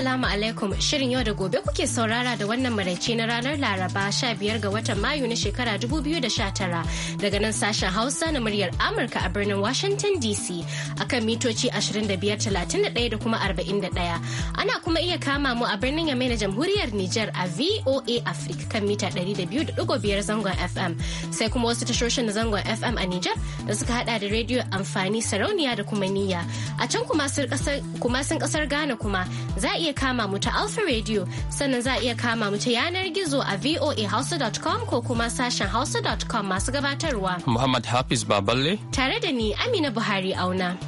Assalamu alaikum shirin yau da gobe kuke saurara da wannan maraice na ranar Laraba 15 ga watan Mayu na shekara 2019 daga nan sashen Hausa na muryar Amurka a birnin Washington DC akan mitoci 2531 da kuma 41. Ana kuma iya kama mu a birnin Yamai na Jamhuriyar Nijar a VOA Africa kan mita 200.5 zangon FM sai kuma wasu tashoshin na zangon FM a Nijar da suka hada da rediyo amfani sarauniya da kuma niyya. A can kuma sun kasar Ghana kuma za iya iya kama mu ta Alpha Radio sannan za a iya kama mu ta yanar gizo a voahausa.com ko kuma sashen hausa.com masu gabatarwa. Muhammad Hafiz Baballe. Tare da ni Amina Buhari Auna.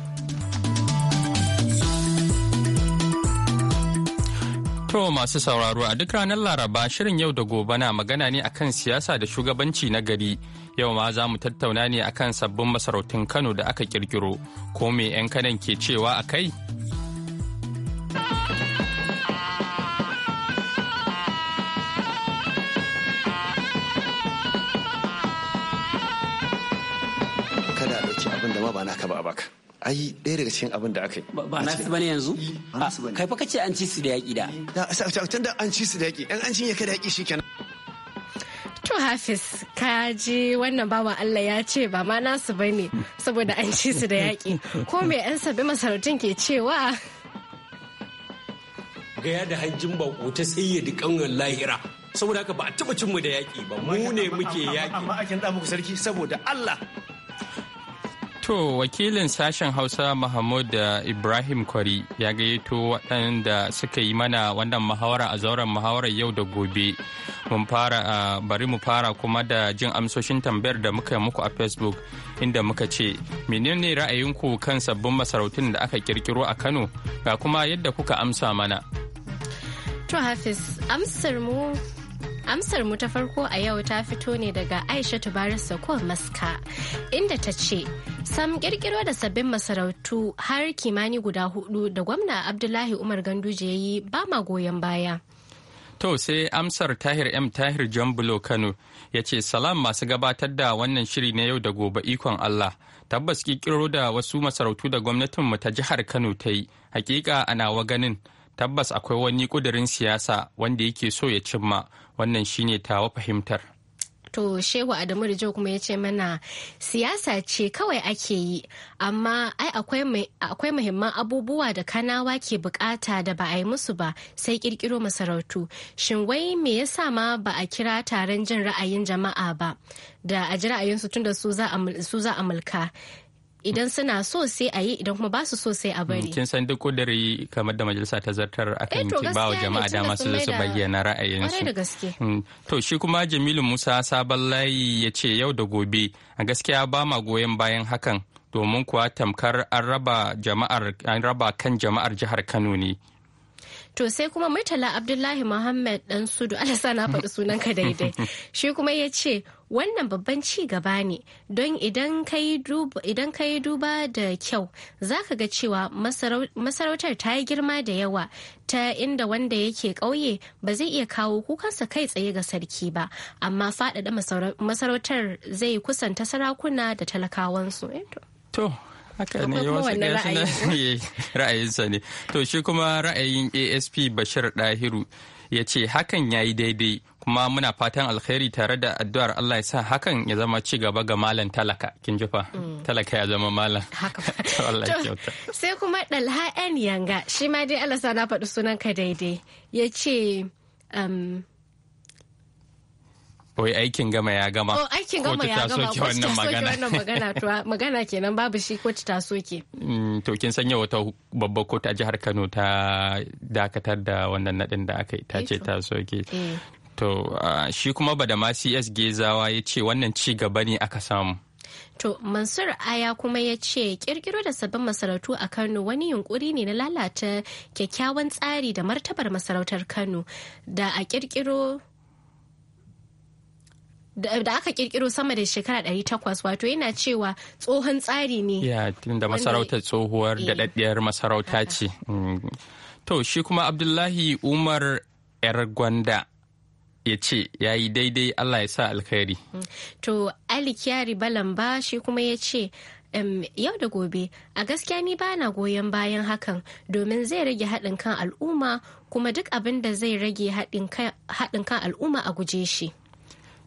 To masu sauraro a duk ranar Laraba shirin yau da gobe na magana ne akan siyasa da shugabanci na gari. Yau ma za mu tattauna ne akan sabbin masarautun Kano da aka kirkiro. Ko me 'yan kanan ke cewa a kai? ma ba naka ba a baka ai ɗaya daga cikin abin da aka yi ba na su bane yanzu kai fa kace an ci su da yaƙi da tunda an ci su da yaƙi an an cinye ka da yaƙi shikenan to hafiz ka ji wannan bawan allah ya ce ba ma nasu bane saboda an ci su da yaƙi ko me yan sabbin masarautun ke cewa gaya da hajjin bako ta da ƙanwar lahira saboda haka ba a cin cinmu da yaƙi ba mu ne muke yaƙi amma akin da muku sarki saboda allah To wakilin sashen Hausa Mahmud eh, Ibrahim Kwari ya gayyato waɗanda suka yi mana wannan muhawara a zauren muhawarar yau da gobe. Mun fara eh, bari mu fara kuma da jin amsoshin tambayar da muka yi muku a Facebook inda muka ce, menene ra'ayinku kan sabbin masarautun da aka kirkiro a Kano ga kuma yadda kuka amsa mana. To Hafiz, amsar mu Amsar mu ta farko a yau ta fito ne daga Aisha Tubaris Sako Maska inda ta ce sam kirkiro da sabbin masarautu har kimani guda hudu da gwamna Abdullahi Umar Ganduje ya yi ba ma goyon baya. To sai amsar Tahir M Tahir Jambulo Kano ya ce salam masu gabatar da wannan shiri na yau da gobe ikon Allah. Tabbas kirkiro da wasu masarautu da gwamnatinmu ta jihar Kano ta yi, hakika ana wa ganin tabbas akwai wani kudirin siyasa wanda yake so ya cimma wannan shine tawa fahimtar to shehu adamu da kuma ya ce mana siyasa ce kawai ake yi amma ai akwai muhimman abubuwa da kanawa ke bukata da ba a yi musu ba sai kirkiro masarautu shin wai me yasa ma ba a kira taron jin ra'ayin jama'a ba da a ji ra'ayinsu tun da su za a mulka idan suna so sai a yi idan kuma ba su so sai a bari mm, kin san duk kudiri kamar da majalisa ta zartar akan eh, ki ba wa jama'a dama su su bayyana ra'ayinsu mm, to shi kuma Jamilu Musa sabon layi ya ce yau da gobe a gaskiya ba ma goyon bayan hakan domin kuwa tamkar an raba jama'ar an raba kan jama'ar jihar Kano ne to sai kuma Murtala Abdullahi Muhammad dan Sudu Allah na faɗi sunanka daidai shi kuma ya ce wannan babban ci gaba ne don idan ka yi duba da kyau za ka ga cewa masarautar ta yi girma da yawa ta inda wanda yake ƙauye ba zai iya kawo kukansa kai tsaye ga sarki ba amma faɗaɗa masarautar zai kusanta sarakuna da talakawansu. Eh, to, haka ne yawansu eh, ra'ayinsa ne to shi kuma ra'ayin asp bashir dahiru ya ce hakan ya yi daidai kuma muna fatan alkhairi tare da addu'ar Allah ya sa hakan ya zama ci gaba ga malam talaka kin jifa mm. talaka ya zama malam sai kuma dalha yanga shi ma dai Allah sa na faɗi sunan ka daidai ya ce um, Oi aikin gama ya gama. Oh, aikin gama ya gama. ko ta wannan magana. to magana. kenan babu shi ko ta soke. Mm, to kin sanya wata babbar kotu a jihar Kano ta dakatar da wannan nadin da aka yi ta eh ce ta soke. Eh. To shi kuma ma CS Gezawa ya ce wannan ci gaba ne aka samu. To Mansur Aya kuma ya ce kirkiro da sabbin masarautu a Kano wani yunkuri ne na lalata kyakkyawan tsari da martabar masarautar Kano da a kirkiro da aka kirkiro sama da shekara 800 wato yana cewa tsohon tsari ne ya da masarauta tsohuwar eh. daɗaɗɗiyar masarauta ce mm. to shi kuma abdullahi umar yar gwanda ya ce ya yi daidai allah ya sa alkhairi mm. to ali kyari balamba shi kuma ya ce yau da gobe a gaskiya ni ba na goyon bayan hakan domin zai rage haɗin kan al'umma kuma duk abin da zai rage haɗin kan al'umma a guje shi.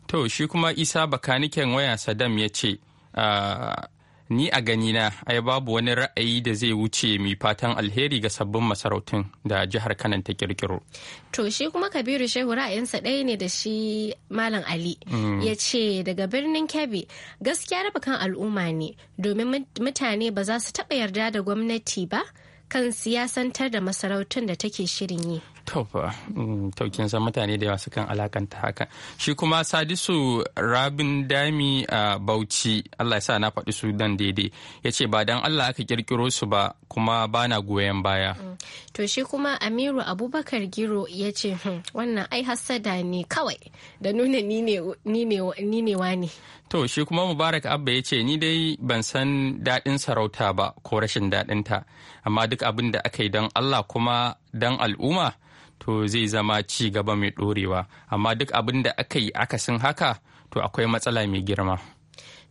To shi kuma Isa bakaniken waya Saddam ya ce, ah, Ni a ganina ai babu wani ra'ayi da zai wuce mai fatan alheri ga sabbin masarautun da jihar Kanan ta kirkiro. To shi kuma Kabiru Shehu ra'ayinsa ɗaya ne da shi Malam Ali mm. ya ce daga birnin Kebbi gaskiya raba kan al'umma ne domin mutane ba za su taɓa yarda da gwamnati ba kan siyasantar da masarautun da take shirin yi. tofa mm, taukin san mutane da yawa sukan alakanta haka shi kuma sadisu rabin dami a bauchi allah ya sa na faɗi su dan daidai ya ce ba dan allah aka kirkiro su ba kuma ba na goyon baya mm. to shi kuma amiru abubakar giro ya ce hmm, wannan ai hassada ne kawai da nuna ni ne wa ne to shi kuma mubarak abba ya ce ni dai ban san daɗin sarauta ba ko rashin daɗinta amma duk abin da aka yi don allah kuma don al'umma to zai zama ci gaba mai ɗorewa amma duk abin da aka yi akasin haka to akwai matsala mai girma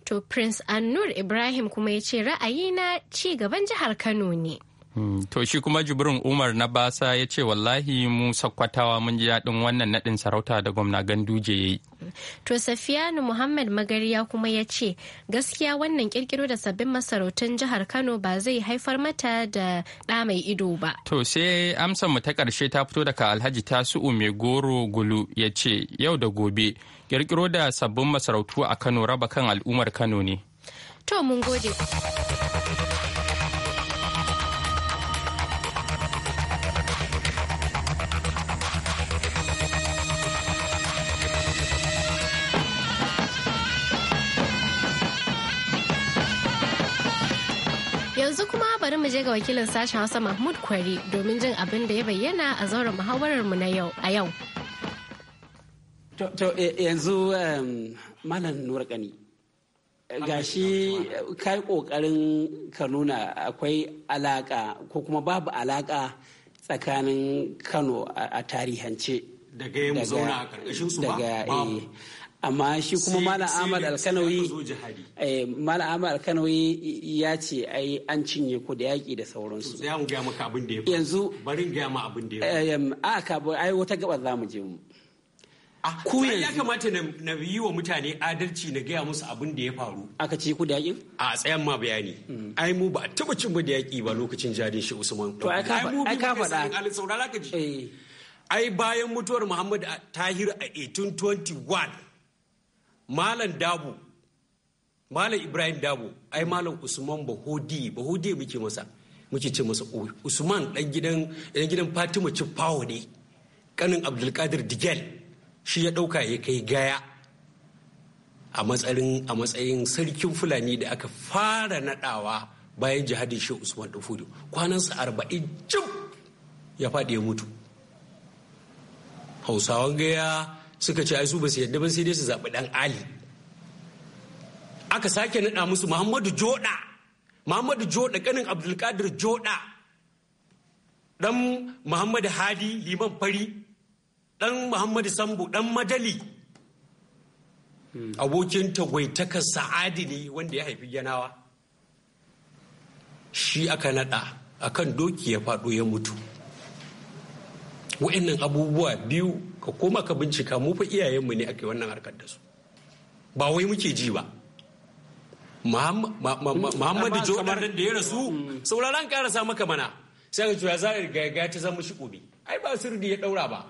to prince annur ibrahim kuma ya ce ra'ayi na ci gaban jihar kano ne To shi kuma Jibrin Umar na basa ya ce wallahi mu sakkwatawa mun ji daɗin wannan naɗin sarauta da gwamna Ganduje ya yi. To Safiyanu Muhammad Magariya kuma ya ce gaskiya wannan kirkiro da sabbin masarautun jihar Kano ba zai haifar mata da ɗa mai ido ba. To sai amsar mu ta ƙarshe ta fito daga Alhaji Tasu'u Mai Goro Gulu ya ce yau da gobe kirkiro da sabbin masarautu a Kano raba kan al'ummar Kano ne. To mun gode. yanzu kuma bari mu je ga wakilin sashen hausa mahmud kwari domin jin abin da ya bayyana a zauren muhawarar mu na yau a yau to eh, yanzu malam nurkani gashi kai kokarin ka nuna akwai alaka ko kuma babu alaka tsakanin kano a tarihance daga yin zauna a karkashin su ba amma shi kuma malam ahmad alkanawi eh, malam ahmad alkanawi ya ce ai an cinye ku da yaƙi da sauransu yanzu barin gaya ma abin da ya a ka ai wata gabar za mu je mu ku ya kamata na yi wa mutane adalci na gaya musu abin da ya faru aka ci ku da yaƙin? a tsayan ma bayani mm. ai mu ba a taba cin da yaƙi ba lokacin jadin shi usman to ai ka faɗa saurara ka ji eh. ai bayan mutuwar muhammad tahir a 1821 malam dabo malam ibrahim dabo ai malam usman bahodi bahodi muke masa muke ce masa usman dan gidan dan gidan fatima cipawo ne kanin abdulkadir digel shi ya dauka ya kai gaya a matsayin a matsayin sarkin fulani da aka fara nadawa bayan jihadin shi usman dan fudu kwanansa arba'in cim ya faɗi ya mutu hausawan gaya suka ce ai su ba su yadda ba sai dai su zaɓi ɗan ali aka sake naɗa musu muhammadu joda muhammadu joda kanin abdulkadir joda ɗan muhammadu hadi liman fari ɗan muhammadu sambo ɗan madali abokin tagwaitakar sa'adi ne wanda ya haifi yanawa shi aka naɗa akan doki ya faɗo ya mutu wa'annan abubuwa biyu ka koma ka bincika mu fa iyayenmu ne ake wannan harkar da su ba wai muke ji ba Muhammadu Jordan da ya rasu mm. sauraron karasa maka mana sai ka ya zara riga ta zama shi gobe ai ba sirdi ya daura ba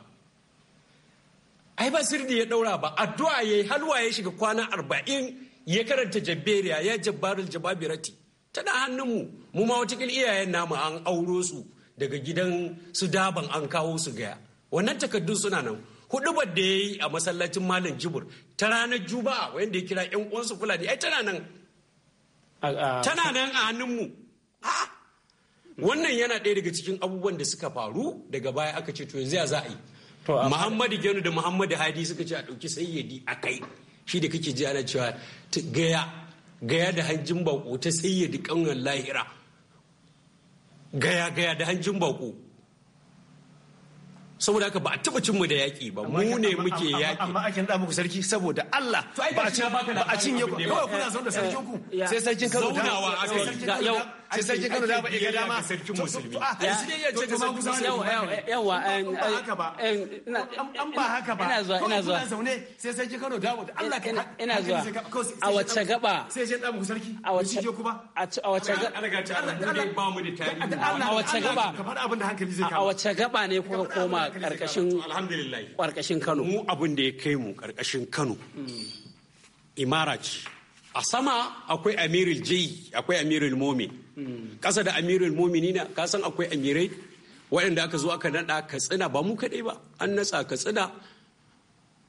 ai ba sirdi ya daura ba addu'a yayi halwa ya shiga kwana arba'in ya karanta jabberiya ya jabbarul jababirati tana hannunmu mu ma watakil iyayen namu an auro su daga gidan su daban an kawo su gaya wannan takardun suna nan hudu da ya yi a masallacin malam jibur ta ranar juba'a wanda ya kira yan uwansu fulani ai tana nan tana nan a hannunmu wannan yana ɗaya daga cikin abubuwan da suka faru daga baya aka ce to yanzu za a yi muhammadu genu da muhammadu hadi suka ce a ɗauki sayyadi a kai shi da kake ji ana cewa gaya gaya da hanjin bako ta sayyadi kanwan lahira gaya gaya da hanjin bako saboda haka ba a taba cin mu da yaki ba mu ne muke yaki amma akin da muku sarki saboda Allah ba a cin ba a cin yau kawai kuna zaune da sarkin ku eh, sai sarkin Kano da yau sai sarkin Kano da ba ya dama sarkin musulmi ya ce ka sarkin musulmi yawa an ba haka ba ina zuwa ina zuwa sai sarkin Kano da ba Allah ina zuwa a wace gaba sai sai da muku sarki a wace kuma a wace gaba Allah ba mu da tarihi a wace gaba ka faɗa abin da hankali zai kawo a wace gaba ne kuka koma karkashin Kano mu abin da ya kai mu karkashin Kano imara ce a sama akwai amirul jai akwai amirul momin ƙasa da amirul momi nina kasan akwai amirai waɗanda aka zo aka naɗa katsina ba mu kaɗai ba an natsa katsina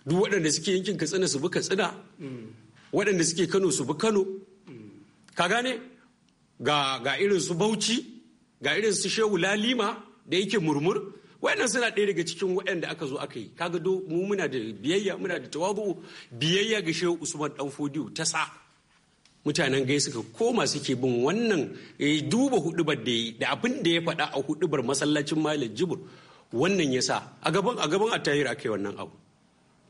duk waɗanda suke yankin katsina su bi katsina waɗanda suke kano su bi kano ka gane ga irin su bauchi ga irin su shehu lalima da yake murmur wayannan suna ɗaya daga cikin waɗanda aka zo aka yi kaga do mu muna da biyayya muna da tawabu biyayya ga shehu usman dan fodiyo ta sa mutanen gai suka koma suke bin wannan eh, duba hudubar da yi da abin da ya faɗa a hudubar masallacin malam jibur wannan ya sa a gaban a gaban attahir aka yi wannan abu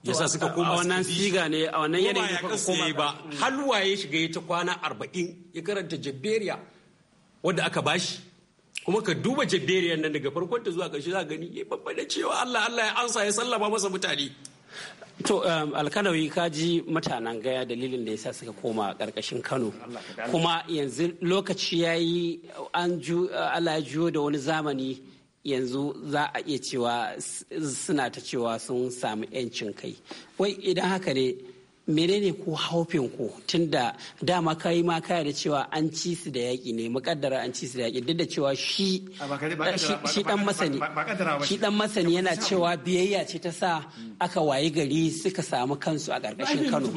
ya sa suka koma wannan siga ne a wannan yanayin da koma ba halwaye shiga ya ta kwana arba'in ya karanta jabberiya wadda aka bashi kuma ka duba jabberiyar nan daga farkon ta zuwa ƙarshe za gani ya babba da cewa Allah Allah ya ansa ya sallama masa mutane To um, alkanawi ka ji mutanen gaya dalilin da ya sa suka koma ƙarƙashin Kano. Kuma yanzu lokaci ya yi an juyo da wani zamani yanzu za a iya cewa suna ta cewa sun samu 'yancin kai. Wai idan haka ne menene ku haufin ku tunda dama kayi ma kaya da cewa an ci su da yaƙi ne muƙaddara an ci su da yaƙi duk da cewa shi shi dan masani shi dan masani yana cewa biyayya ce ta sa aka wayi gari suka samu kansu a ƙarƙashin Kano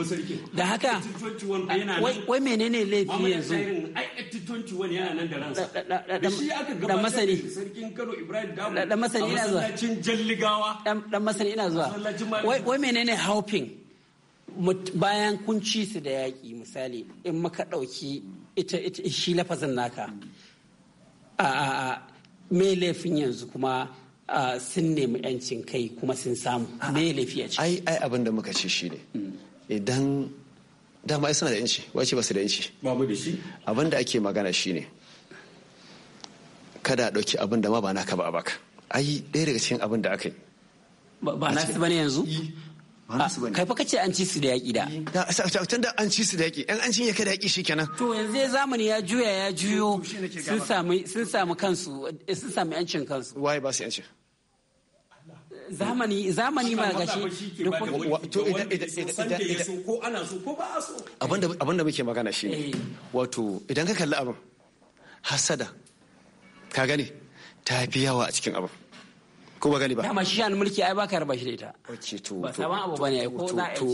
da haka wai menene laifi yanzu dan masani dan masani ina zuwa dan masani ina zuwa wai menene haufin bayan kun ci su da yaƙi misali in maka ɗauki ita ita shi lafazin naka a a me laifin yanzu kuma sun nemi yancin kai kuma sun samu me laifi a ciki ai ai abin da muka ce shi ne idan dama ai suna da yanci wace ba su da yanci babu da shi abin da ake magana shi ne kada a ɗauki abin da ma ba naka ba a baka ai ɗaya daga cikin abin da aka yi ba na ba bane yanzu kai fa kace an ci su da yaki da tun da an ci su da yaki an an cinye ka da yaki kenan. to yanzu zamani ya juya ya juyo sun samu sun samu kansu eh, sun samu yancin kansu waye ba su yancin zamani zamani ma ga shi to idan idan idan ko ana so ko ba a so abinda abinda muke magana shine eh. wato idan ka kalli abin hasada ka gane ta fi yawa a cikin abin ko ba gani ba dama shi an mulki ai baka rabashi da ita okay to ba saban abu bane ai ko za a to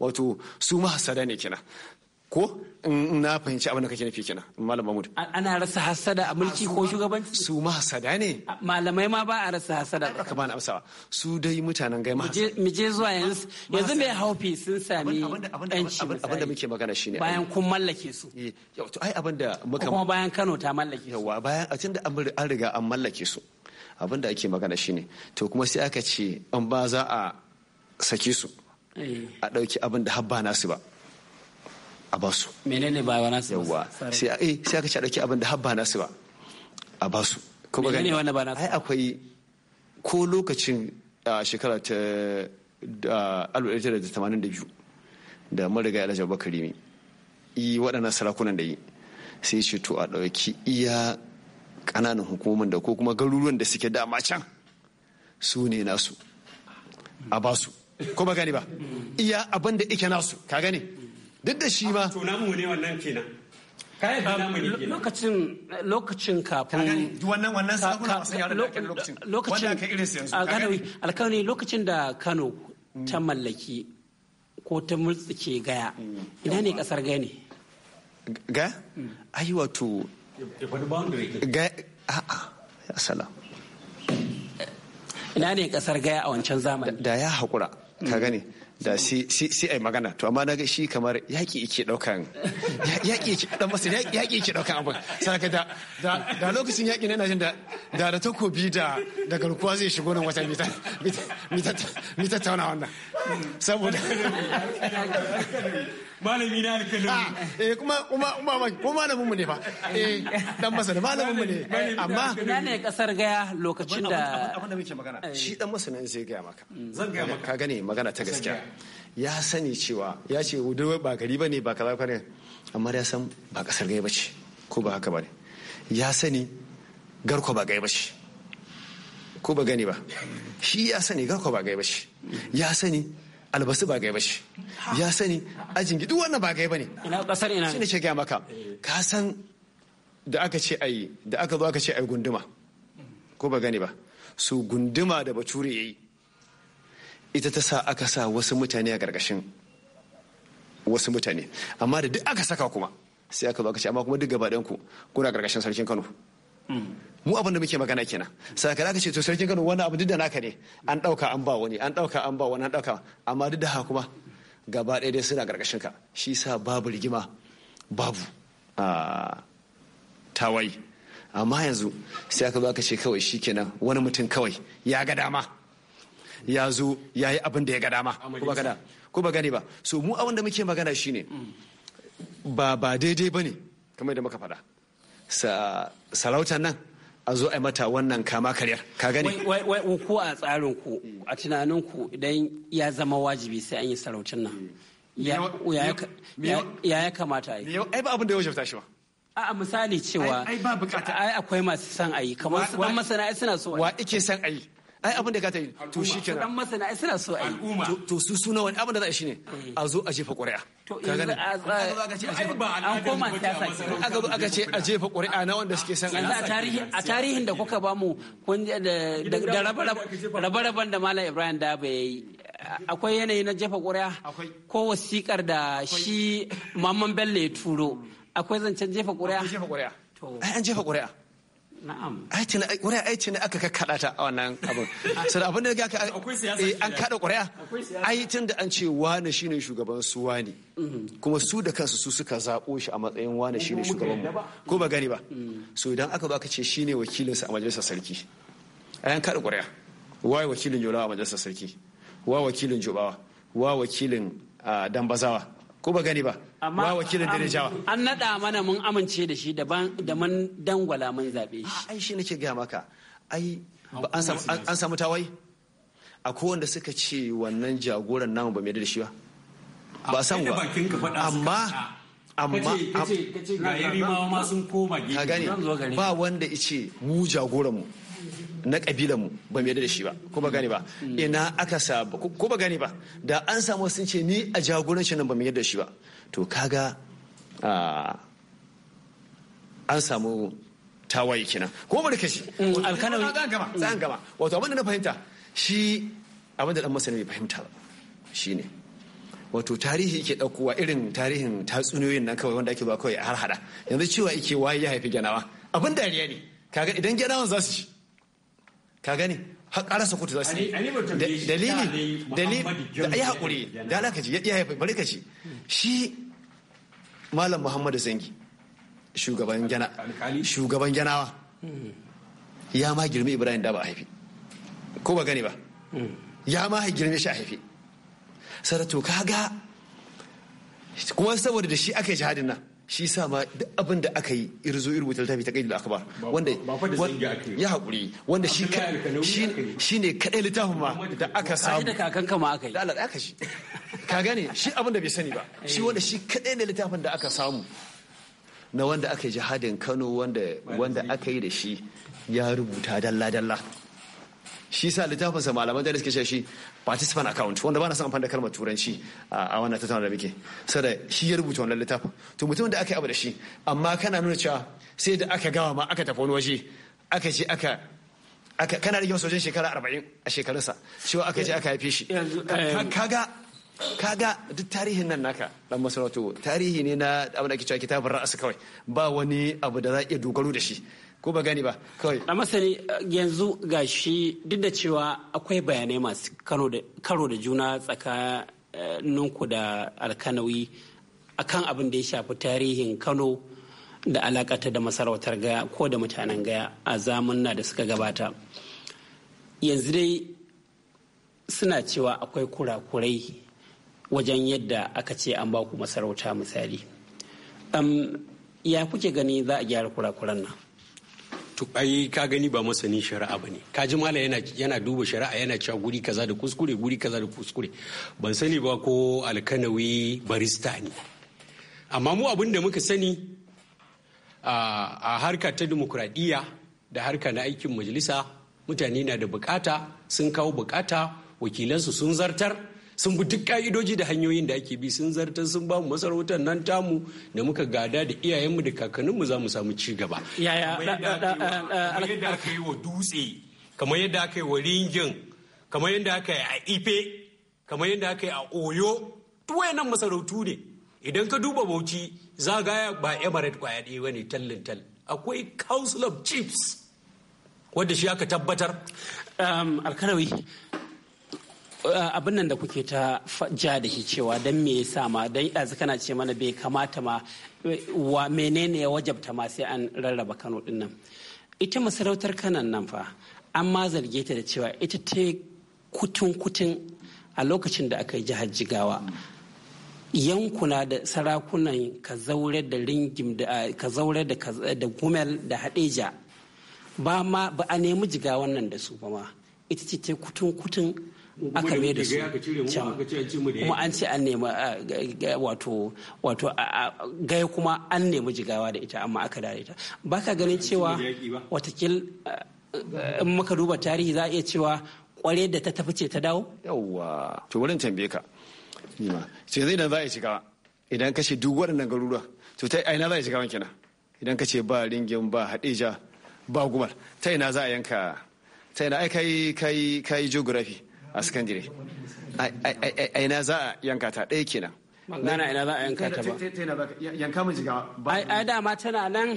wato su ma hasada ne kina ko in na fahimci abin da kake nufi kina malam mahmud ana rasa hasada a mulki ko shugabanci su ma hasada ne malamai ma ba a rasa hasada ba kamar amsawa su dai mutanen gaima mu je zuwa yanzu yanzu mai haufi sun sami yanci abin da muke magana shine bayan kun mallake su eh, ai abin da muka kuma bayan Kano ta mallake su yawa bayan a tunda an riga an mallake su abin da ake magana shine to kuma sai aka ce an ba za a saki su eh. a ɗauki abin da habba nasu ba a ba su menene ba wa nasu yawa sai eh sai aka ce a ɗauki abin da habba nasu ba a ba su kuma gani ai akwai ko lokacin shekara ta 1982 da marigayi alhaji abubakar yi waɗannan sarakunan da yi sai ce to a ɗauki iya Kananan hukumomin da ko kuma garuruwan da suke dama can su ne nasu a basu ko ba gani ba iya abin da ike nasu ka gani duk da shi ma lokacin lokacin da lokacin da Kano mm. ta mallaki ko ta mulki gaya mm. ina ne kasar gaya ne ga mm. ayi wato ya a'a ya salam ina ne kasar gaya a wancan zamani da ya haƙura ka mm. gane da si ai magana to amma naga shi kamar yaƙi yake ɗaukan yaƙi yake dan masa yaƙi yake ɗaukan abin saka da da lokacin yaƙi na jin da da da takobi da da garkuwa zai shigo nan wata mita mita mita tauna wannan saboda malami na alƙalami ah, eh kuma kuma kuma ko malamin mu ne fa eh dan masana malamin mu ne amma na ne kasar gaya lokacin da abin da muke magana eh. shi dan ne sai gaya maka mm. zan gaya maka ka gane magana ta gaskiya ya sani cewa ya ce wudu ba gari bane ba kaza bane amma ya san ba kasar gaya bace ko ba haka bane ya sani garko ba gaya bace ko ba gani ba shi ya sani garko ba gaya bace ya sani albasu ba gai bashi ya sani ajin duk wannan ba gai bane ina kasar ina ne ce ga maka eh. ka san da aka ce ai da aka zo aka ce ayi gunduma ko ba gani ba su gunduma da bature yayi ita ta sa aka sa wasu mutane a gargashin wasu mutane amma da duk aka saka kuma sai aka zo aka ce amma kuma duk gaba ku kuna gargashin sarkin Kano mu abin da muke magana kenan da ka ce to sarkin Kano wani abu duk da naka ne an dauka an ba wani an dauka an ba wani an dauka amma duk da haka kuma gaba ɗaya dai suna karkashin ka shi sa babu rigima babu a tawayi amma yanzu sai aka zo aka ce kawai shi kenan wani mutum kawai ya ga dama ya zo ya yi abin da ya ga dama ko ba gani ba so mu abin da muke magana shine ba ba daidai ba ne kamar da muka faɗa sa sarautar nan a zo a mata wannan kama karyar ka gani wai ku a tsarin ku a tunanin ku idan ya zama wajibi sai an yi sarautar nan ya ya kamata a yi ai ba abin da ya wajabta shi ba a misali cewa ai ba bukata ai akwai masu son ayi kamar su masana suna so wa ike son ayi ai abin da ka yi to shi kenan dan masana ai suna so ai to su suna wani abin da za a shine a zo a jefa ƙuri'a ka gani an koma siyasa kenan aka aka ce a jefa ƙuri'a na wanda suke san a tarihi a tarihin da kuka ba mu kun da rabe-raben da Malam Ibrahim da yayi akwai yanayi na jefa ƙuri'a ko wasikar da shi Mamman Bello ya turo akwai zancen jefa ƙuri'a an jefa ƙuri'a wani aiki ne aka kakkaɗa ta a wannan abin sai abin da aka eh, an kaɗa ƙuri'a Aikin da an ce wane shine shugaban su wane mm-hmm. kuma su da kansu su suka zaɓo shi a matsayin wane shine shugaban mu ko ba gani ba so idan aka baka ce shine wakilinsa a majalisar sarki A yan kaɗa ƙuri'a waye wakilin yola a majalisar sarki wa wakilin jubawa wa wakilin ah, dambazawa ko ba gani ba amma wakilin da rijawa an naɗa mana mun amince da shi daban da man dangwala mun zaɓe shi ai shi nake gaya maka ai an samu tawaye a wanda suka ce wannan jagoran namu ba mai da shi ba ba san ba amma amma ka gane ba wanda ice mu jagoran mu na kabilan mu ba mai da shi ba ko ba gane ba hmm. ina aka sa ko ba gane ba da an samu sun ce ni a jagorancin nan ba mai da shi ba to kaga ah, an samu tawaye kenan ko bari kashi alkana ga gama zan mm. gama wato abin da na fahimta shi abin da dan masani bai fahimta ba shine wato tarihi yake daukowa irin tarihin tatsuniyoyin nan kawai wanda ake ba kawai har hada yanzu cewa yake waye ya haifi ganawa. abin dariya ne kaga idan ganawa za su ci ka gani sa kotu za su yi dalili dalili ya haƙuri da alaka ji ya haifa bari ka ji shi malam muhammadu zangi shugaban gana shugaban ganawa ya ma girme ibrahim da ba haifi ko ba gani ba ya ma girme shi a haifi sarato kaga kuma saboda da shi ake yi nan shi sa ma duk abin da aka yi irzo iru ta littafi ta aka ba wanda ya haƙuri wanda shi ne kadai littafin ma da aka samu da kakan kama aka yi da Allah aka shi ka gane shi abin da bai sani ba eh. shi wanda shi kadai ne littafin da aka samu na wanda aka yi jihadin Kano wanda wanda aka yi da shi ya rubuta dalla dalla shi sa littafin sa malaman da suke shi participant account wanda ba na son amfani da kalmar turanci a wannan tattaunawa da muke saboda shi ya rubuta wannan littafin to mutumin da aka yi abu da shi amma kana nuna cewa sai da aka gawa ma aka tafi wani waje aka ce aka aka kana da sojan shekara arba'in a shekarunsa cewa aka ce aka haife shi kaga eh, kaga duk tarihin nan naka dan masarautu tarihi ne na abin da ake cewa kitabun ra'asu kawai ba wani abu da za a iya dogaro da shi ko ba gani ba kawai a masani yanzu gashi duk da cewa akwai bayanai masu karo da juna tsakaninku da alkanawi akan abin da ya shafi tarihin kano da alakata da masarautar gaya ko da mutanen gaya a zamanna da suka gabata yanzu dai suna cewa akwai kurakurai wajen yadda aka ce an ba ku masarauta misali um, ya kuke gani za a gyara kurakuran nan to ai ka gani ba masanin shari'a bane ka ji mala yana duba shari'a yana cewa guri kaza da kuskure guri kaza da kuskure ban sani ba ko alkanawi barista ne amma mu abin da muka sani a harka ta demokradiyya da harka na aikin majalisa mutane na da bukata sun kawo bukata wakilansu sun zartar sun bi duk ka'idoji da hanyoyin da ake bi sun zartar sun ba mu masarautar nan tamu da muka gada da iyayenmu da kakanninmu za mu samu ci gaba yaya yadda aka yi wa dutse kamar yadda aka yi wa ringin kamar yadda aka yi a ife kamar yadda aka yi a oyo tuwaye nan masarautu ne idan ka duba bauchi za ga ba emirate kwaya ɗaya ba ne tallin tal akwai council of chiefs wadda shi aka tabbatar um, Eh, abin nan da kuke ta ja da shi cewa don me yasa ma don yanzu kana ce mana bai kamata ma eh, wa menene ya wajabta ma sai an rarraba Kano din nan ita masarautar kanan nan fa an ma zarge ta da cewa ita ta kutun kutun a lokacin da aka yi jihar Jigawa yankuna da sarakunan ka zaure da ringim da eh, ka zaure da gumel da hadeja ba ma a nemi jigawan nan da su ba ma ita ce ta kutun kutun aka mai da su can kuma an ce an nema wato wato kuma an nemi jigawa da ita amma aka da ita baka ganin cewa watakil in muka duba tarihi za a iya cewa kware da ta tafi ce ta dawo yawwa to wurin tambaye ka ce zai dan za a shiga idan kashe duk waɗannan garuruwa to ta aina za a shiga wankina idan kace ba ringin ba hadeja ba gumar ta ina za a yanka ta ina ai kai kai kai geography a jire a ina za a yanka ta ɗaya kenan nana ina za a yanka ta ba yanka mu jiga ba ai dama tana nan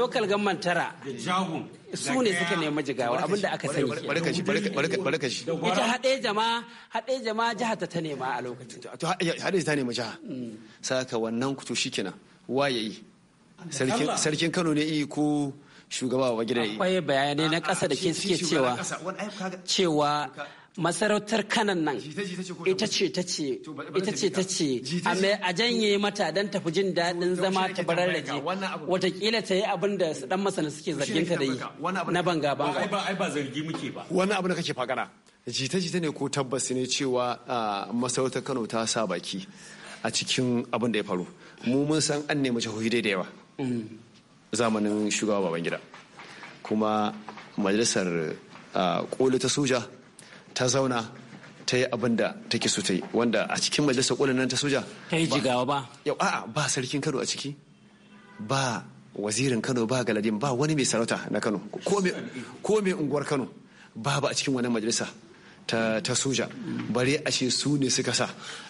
local government tara jahun su ne suka nemi jigawa abinda aka sani barkashi ita haɗe jama haɗe jama jihar ta nema a lokacin haɗe ta nema jiha mm. saka wannan kuto shikenan waye yi sarkin Kano ne yi ko shugaba ba gida akwai bayanai na ƙasa da ke suke cewa cewa masarautar kanan nan ita ce ta ce ita ce ta ce a janye mata don tafi jin daɗin zama ta barar watakila ta yi abin da dan masana suke zargin ta da yi na banga banga ai ba zargi muke ba wani abu da kake fagana jita-jita ne ko tabbas ne cewa masarautar Kano ta sa baki a cikin abin da ya faru mu mun san an nemi jihohi da yawa mm. zamanin shugaba baban gida kuma majalisar koli ta soja ta zauna ta yi abin da take so ta yi wanda a cikin majalisar kolin nan ta soja ta yi jigawa ba yau a'a ba sarkin kano a ciki ba wazirin kano ba galadin ba wani mai sarauta na kano ko mai unguwar kano ba a cikin wannan majalisa ta, ta soja bare a ce su ne suka sa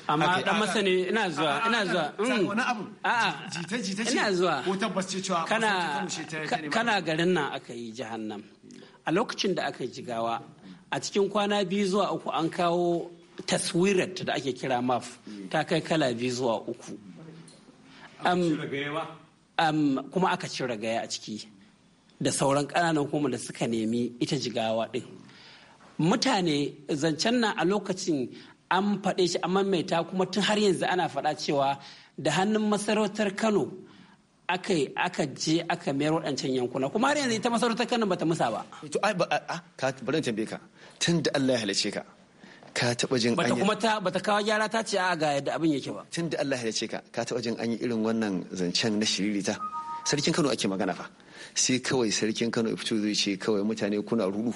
amma dan masani ina zuwa ina zuwa mm. abu a'a jita jita ce ina zuwa ko tabbas ce cewa kana kana garin nan aka yi jahannam a lokacin da aka jigawa a cikin kwana biyu zuwa uku an kawo taswirat da ake kira maf ta kai kala biyu zuwa uku kuma aka cire gaya a ciki da sauran ƙananan kuma da suka nemi ita jigawa din mutane zancen nan a lokacin an faɗe shi a maimaita kuma tun har yanzu ana faɗa cewa da hannun masarautar kano aka aka je aka mayar waɗancan yankuna kuma har yanzu ita masarautar kano bata musa ba to ai ba a ka bari tambaye ka tun da Allah ya halice ka ka taɓa jin bata kuma ta bata kawo gyara ta ce a ga yadda abin yake ba tun da Allah ya halice ka ka taɓa jin an yi irin wannan zancen na shiririta sarkin Kano ake magana fa sai kawai sarkin Kano ya fito zai ce kawai mutane kuna rudu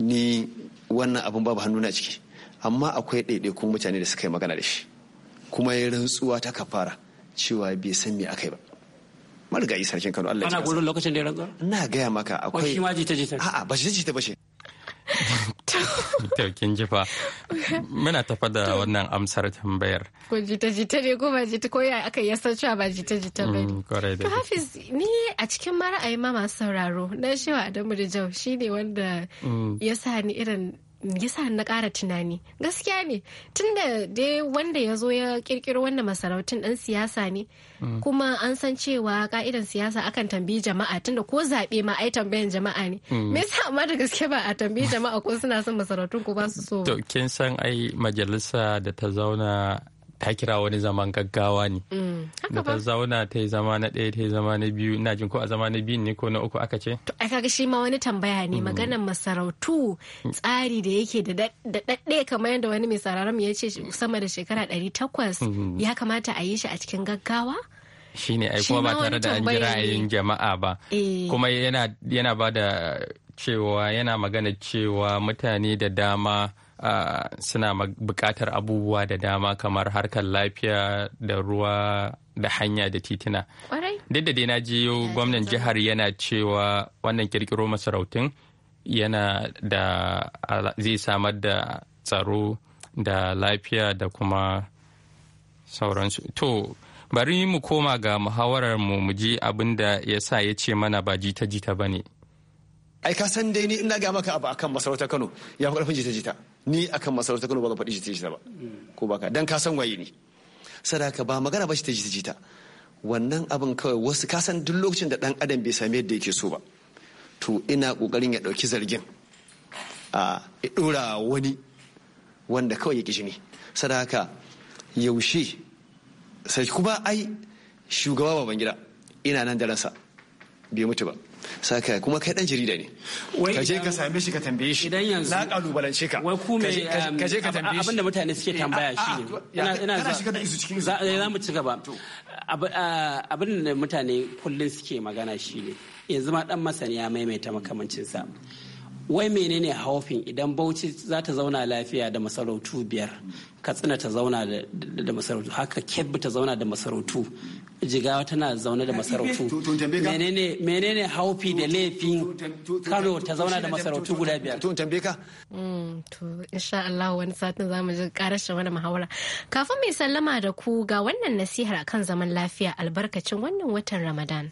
ni wannan abin babu na ciki amma akwai ɗaiɗaikun mutane da suka yi magana da shi kuma ya rantsuwa ta kafara cewa bai san me aka yi ba marigayi sarkin kano allah ya ana gurin lokacin da ya rantsuwa ina gaya maka akwai shi ma jita jita a'a ba jita jita ba shi to kin ji fa muna tafa da wannan amsar tambayar ko jita jita ne ko ba jita ko ya aka yi san ba jita jita ba ne mm, to hafiz ni a cikin mara'ayi ma masu sauraro na shewa adamu da jau shine wanda mm. ya sa ni irin yasa na ƙara tunani gaskiya ne tunda dai wanda ya zo ya kirkiro wannan masarautun ɗan siyasa ne mm. kuma an san cewa ka'idan siyasa akan tambayi jama'a tunda ko zaɓe ma ai tambayan jama'a ne mm. me yasa amma da gaske ba a tambayi jama'a ko suna son masarautun ko ba su so to kin san ai majalisa da ta zauna ta kira wani zaman gaggawa ne mm. da ta zauna ta yi zama na ɗaya ta yi zama na biyu ina jin ko a zama na biyu ne ko na uku aka ce to ai kaga shi ma wani tambaya ne mm. maganar masarautu mm. tsari da yake da daɗaɗɗe kamar yadda wani mai sararin ya ce sama da shekara ɗari takwas ya kamata a yi shi a cikin gaggawa shine ai kuma ba tare da an ji ra'ayin jama'a ba eh. kuma yana ba da cewa yana magana cewa mutane da dama suna bukatar abubuwa da dama kamar harkar lafiya da ruwa da hanya da titina. Duk da dai na jiyo gwamnan jihar yana cewa wannan kirkiro masarautun yana da zai samar da tsaro da lafiya da kuma sauransu. To, bari mu koma ga muhawarar mu mu abinda abin da ya sa ya ce mana ba jita-jita ba ne. ai ka san dai ni ina ga maka abu akan masarautar Kano ya fi karfin jita jita ni akan masarautar Kano ba ka faɗi jita jita ba ko baka dan ka san waye ni sadaka ba magana ba jita jita jita wannan abin kawai wasu ka san duk lokacin da dan adam bai sami yadda yake so ba to ina kokarin ya dauki zargin a dora wani wanda kawai ya kishi ne sadaka yaushe sai kuma ai shugaba babangida ina nan da ransa bai mutu ba saka kuma kai dan jarida ne ka je um, ka same shi ka tambaye shi idan yanzu na kalubalance ka wai ku me ka je um, ka tambaye shi abinda mutane suke eh, tambaya shi ne ina ina za eh, za mu ci gaba uh, abin da mutane kullun suke magana shi ne yanzu ma dan masani ya maimaita makamancin sa wai menene haufin idan bauchi za ta zauna lafiya da masarautu biyar katsina ta zauna da masarautu haka kebbi ta zauna da masarautu jigawa tana zaune da masarautu menene haufi da laifin kano ta zauna da masarautu guda biyar tun tambaye ka mm, to insha Allah wani satin zamu ji wani muhawara kafin mai sallama da ku ga wannan nasihar akan zaman lafiya albarkacin wannan watan Ramadan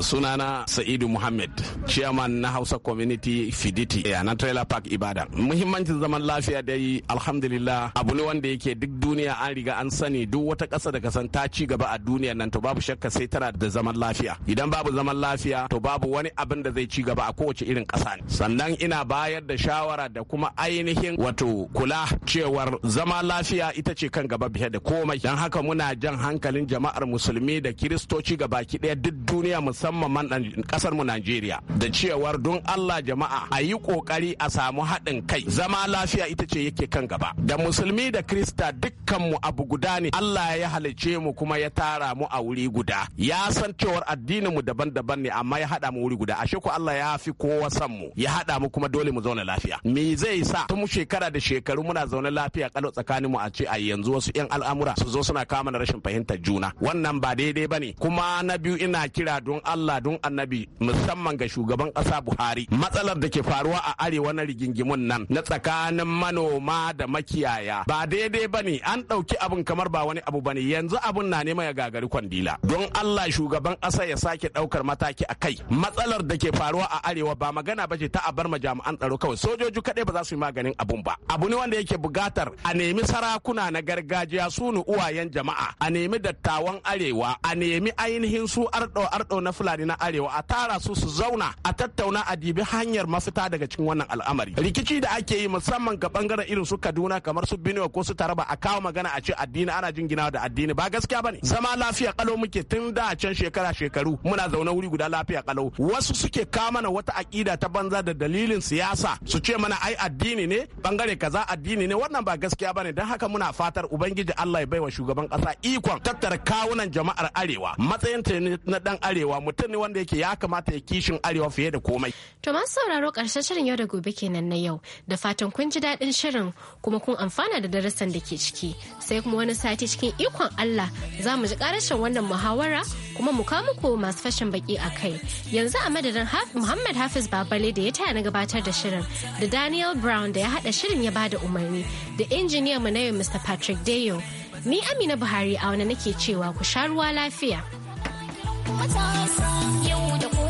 sunana sa'idu muhammad chairman na hausa community fiditi a eh, na trailer park ibada muhimmancin zaman lafiya dai alhamdulillah abu ne wanda yake duk duniya an riga an sani duk wata kasa da kasan ta ci gaba a duniya nan to babu shakka sai tana da zaman lafiya idan babu zaman lafiya to babu wani abin da zai ci gaba a kowace irin kasa ne sannan ina bayar da shawara da kuma ainihin wato kula cewar zama lafiya ita ce kan gaba biye da komai don haka muna jan hankalin jama'ar musulmi da kiristoci gabaki ɗaya duk duniya mus. musamman kasar mu Najeriya da cewar don Allah jama'a a yi kokari a samu haɗin kai zama lafiya ita ce yake kan gaba da musulmi da krista dukkan mu abu guda ne Allah ya halice mu kuma ya tara mu a wuri guda ya san cewar addinin mu daban-daban ne amma ya haɗa mu wuri guda ashe ko Allah ya fi kowa san mu ya haɗa mu kuma dole mu zauna lafiya me zai sa tun shekara da shekaru muna zaune lafiya kalo tsakanin mu a ce a yanzu wasu yan al'amura su zo suna kama rashin fahimtar juna wannan ba daidai bane kuma na biyu ina kira don Allah don annabi musamman ga shugaban ƙasa Buhari matsalar da ke faruwa a arewa na rigingimun nan na tsakanin manoma da makiyaya ba daidai ba ne an ɗauki abin kamar ba wani abu ba ne yanzu abin na neman ya gagari kwandila don Allah shugaban ƙasa ya sake ɗaukar mataki a kai matsalar da ke faruwa a arewa ba magana ba ce ta a bar ma jami'an tsaro kawai sojoji kaɗai ba za su yi maganin abun ba abu ne wanda yake buƙatar a nemi sarakuna na gargajiya su uwayen jama'a a nemi dattawan arewa a nemi ainihin su arɗo arɗo na fulani na arewa a tara su su zauna a tattauna a dibi hanyar mafita daga cikin wannan al'amari rikici da ake yi musamman ga bangaren irin su kaduna kamar su binewa ko su taraba a kawo magana a ce addini ana jin ginawa da addini ba gaskiya bane zama lafiya kalau muke tun da can shekara shekaru muna zaune wuri guda lafiya kalau wasu suke kawo mana wata aƙida ta banza da dalilin siyasa su ce mana ai addini ne bangare kaza addini ne wannan ba gaskiya bane don haka muna fatar ubangiji Allah ya baiwa shugaban kasa ikon tattara kawunan jama'ar arewa matsayin ta na dan arewa mu mutum ne wanda yake ya kamata ya kishin arewa fiye da komai. To masu sauraro karshen shirin yau da gobe kenan na yau da fatan kun ji daɗin shirin kuma kun amfana da darasan da ke ciki sai kuma wani sati cikin ikon Allah za mu ji karashin wannan muhawara kuma mu kawo muku masu fashin baki a kai yanzu a madadin Muhammad Hafiz Babale da ya taya na gabatar da shirin da Daniel Brown da ya haɗa shirin ya bada umarni da injiniyan mu na yau Mr. Patrick Deyo. Ni Amina Buhari a wani nake cewa ku sha ruwa lafiya. matasa yau da